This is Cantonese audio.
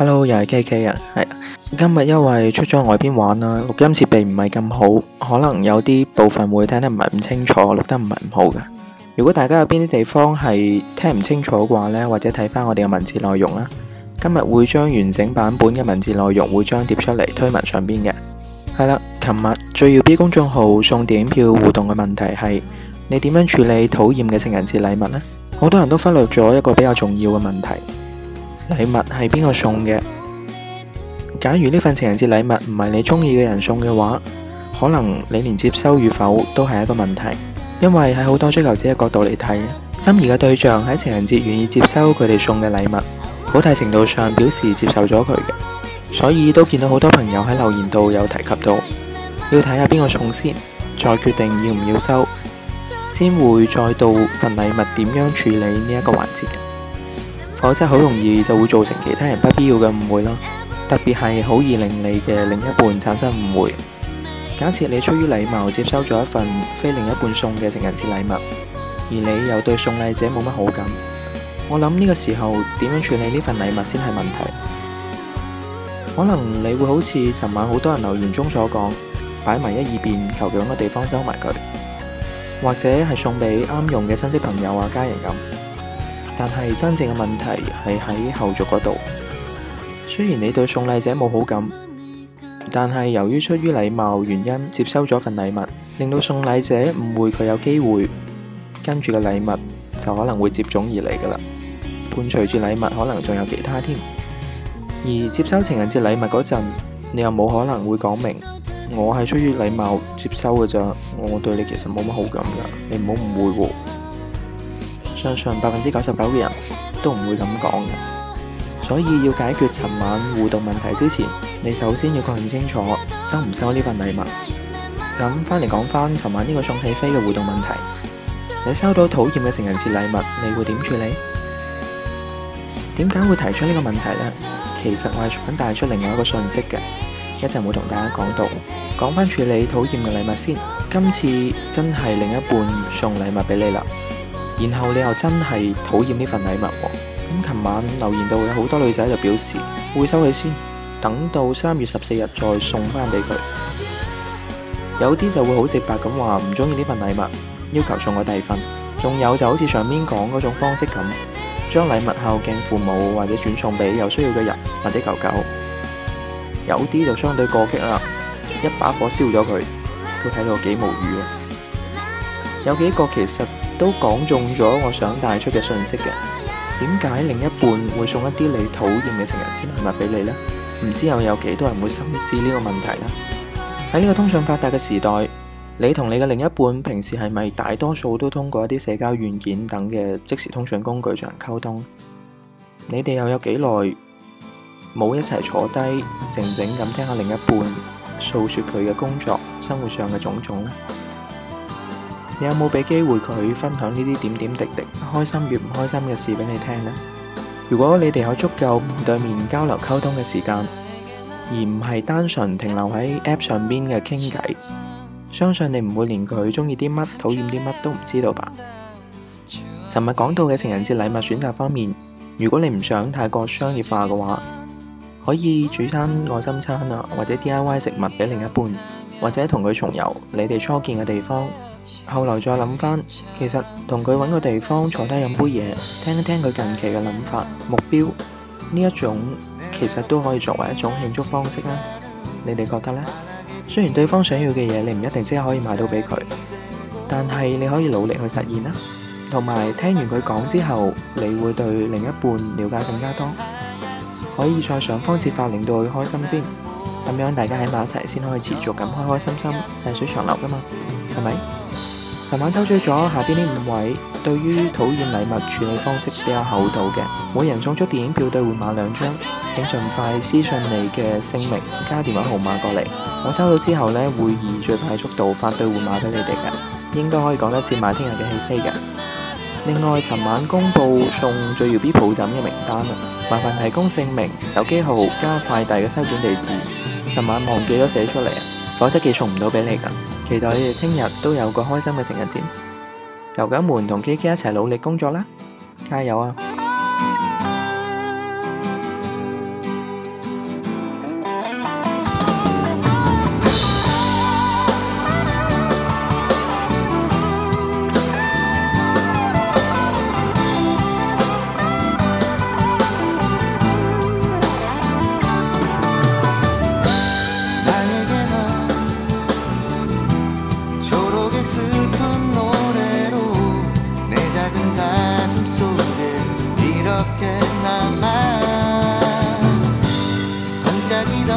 hello，又係 K K 啊，係啊，今日因為出咗外邊玩啦，錄音設備唔係咁好，可能有啲部分會聽得唔係咁清楚，錄得唔係咁好噶。如果大家有邊啲地方係聽唔清楚嘅話呢，或者睇翻我哋嘅文字內容啦。今日會將完整版本嘅文字內容會張貼出嚟推文上邊嘅。係啦，琴日最耀 B 公眾號送電影票互動嘅問題係，你點樣處理討厭嘅情人節禮物呢？好多人都忽略咗一個比較重要嘅問題。禮物係邊個送嘅？假如呢份情人節禮物唔係你中意嘅人送嘅話，可能你連接收與否都係一個問題，因為喺好多追求者嘅角度嚟睇，心儀嘅對象喺情人節願意接收佢哋送嘅禮物，好大程度上表示接受咗佢嘅，所以都見到好多朋友喺留言度有提及到，要睇下邊個送先，再決定要唔要收，先會再到份禮物點樣處理呢一個環節嘅。我真係好容易就會造成其他人不必要嘅誤會咯，特別係好易令你嘅另一半產生誤會。假設你出於禮貌接收咗一份非另一半送嘅情人節禮物，而你又對送禮者冇乜好感，我諗呢個時候點樣處理呢份禮物先係問題。可能你會好似尋晚好多人留言中所講，擺埋一二邊，求其搵個地方收埋佢，或者係送俾啱用嘅親戚朋友啊家人咁。但係真正嘅問題係喺後續嗰度。雖然你對送禮者冇好感，但係由於出於禮貌原因接收咗份禮物，令到送禮者誤會佢有機會，跟住嘅禮物就可能會接踵而嚟噶啦。伴隨住禮物可能仲有其他添。而接收情人節禮物嗰陣，你又冇可能會講明我係出於禮貌接收嘅咋，我對你其實冇乜好感噶，你唔好誤會喎、啊。相信百分之九十九嘅人都唔會咁講嘅，所以要解決尋晚互動問題之前，你首先要確認清楚收唔收呢份禮物。咁翻嚟講翻尋晚呢個送戲飛嘅互動問題，你收到討厭嘅情人節禮物，你會點處理？點解會提出呢個問題呢？其實我係想帶出另外一個信息嘅，一陣會同大家講到。講翻處理討厭嘅禮物先，今次真係另一半送禮物俾你啦。然後你又真係討厭呢份禮物喎、哦？咁琴晚留言度有好多女仔就表示會收起先，等到三月十四日再送翻俾佢。有啲就會好直白咁話唔中意呢份禮物，要求送我第二份。仲有就好似上面講嗰種方式咁，將禮物孝敬父母或者轉送俾有需要嘅人或者狗狗。有啲就相對過激啦，一把火燒咗佢，都睇到幾無語啊！有幾個其實。都講中咗我想帶出嘅信息嘅，點解另一半會送一啲你討厭嘅情人節禮物俾你呢？唔知又有幾多人會深思呢個問題呢？喺呢個通訊發達嘅時代，你同你嘅另一半平時係咪大多數都通過一啲社交軟件等嘅即時通訊工具進行溝通？你哋又有幾耐冇一齊坐低靜靜咁聽下另一半訴說佢嘅工作、生活上嘅種種呢？你有冇俾機會佢分享呢啲點點滴滴、開心與唔開心嘅事俾你聽呢？如果你哋有足夠面對面交流溝通嘅時間，而唔係單純停留喺 App 上邊嘅傾偈，相信你唔會連佢中意啲乜、討厭啲乜都唔知道吧？尋日講到嘅情人節禮物選擇方面，如果你唔想太過商業化嘅話，可以煮餐愛心餐啊，或者 DIY 食物俾另一半，或者同佢重遊你哋初見嘅地方。後來再諗翻，其實同佢搵個地方坐低飲杯嘢，聽一聽佢近期嘅諗法、目標呢一種，其實都可以作為一種慶祝方式啊。你哋覺得呢？雖然對方想要嘅嘢你唔一定即刻可以買到俾佢，但係你可以努力去實現啦。同埋聽完佢講之後，你會對另一半了解更加多，可以再想方設法令到佢開心先。咁樣大家喺埋一齊先可以持續咁開開心心，細水長流噶嘛，係咪？尋晚抽取咗下邊呢五位，對於討厭禮物處理方式比較厚道嘅，每人送出電影票兌換碼兩張，請盡快私信你嘅姓名加電話號碼過嚟，我收到之後呢，會以最快速度發兌換碼俾你哋嘅，應該可以趕得切埋聽日嘅起飛嘅。另外，尋晚公布送最耀 B 抱枕嘅名單啦，麻煩提供姓名、手機號加快遞嘅收件地址。尋晚忘記咗寫出嚟，否則寄送唔到俾你㗎。期待你哋聽日都有個開心嘅情人節。油友們同 KK 一齊努力工作啦，加油啊！